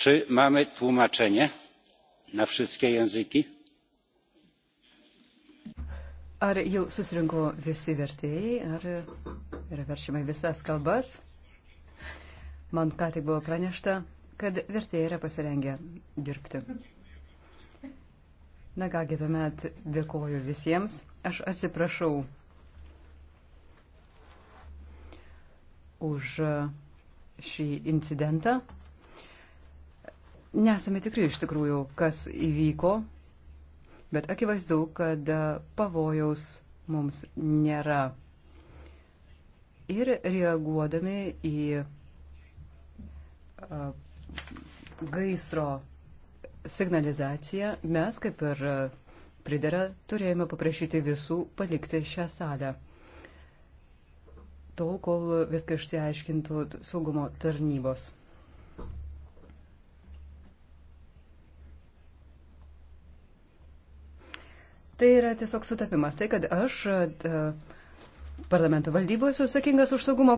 czy mamy tłumaczenie na wszystkie języki? Ar jau susirinko visi vertėjai, ar yra veršimai visas kalbas? Man ką tik buvo pranešta, kad vertėjai yra pasirengę dirbti. Na kągi, tuomet dėkoju visiems. Aš atsiprašau už šį incidentą. Nesame tikri iš tikrųjų, kas įvyko, bet akivaizdu, kad pavojaus mums nėra. Ir reaguodami į gaisro signalizaciją, mes kaip ir pridera turėjome paprašyti visų palikti šią salę. Tol, kol viską išsiaiškintų saugumo tarnybos. Tai yra tiesiog sutapimas. Tai, kad aš e, parlamento valdyboje esu atsakingas už saugumo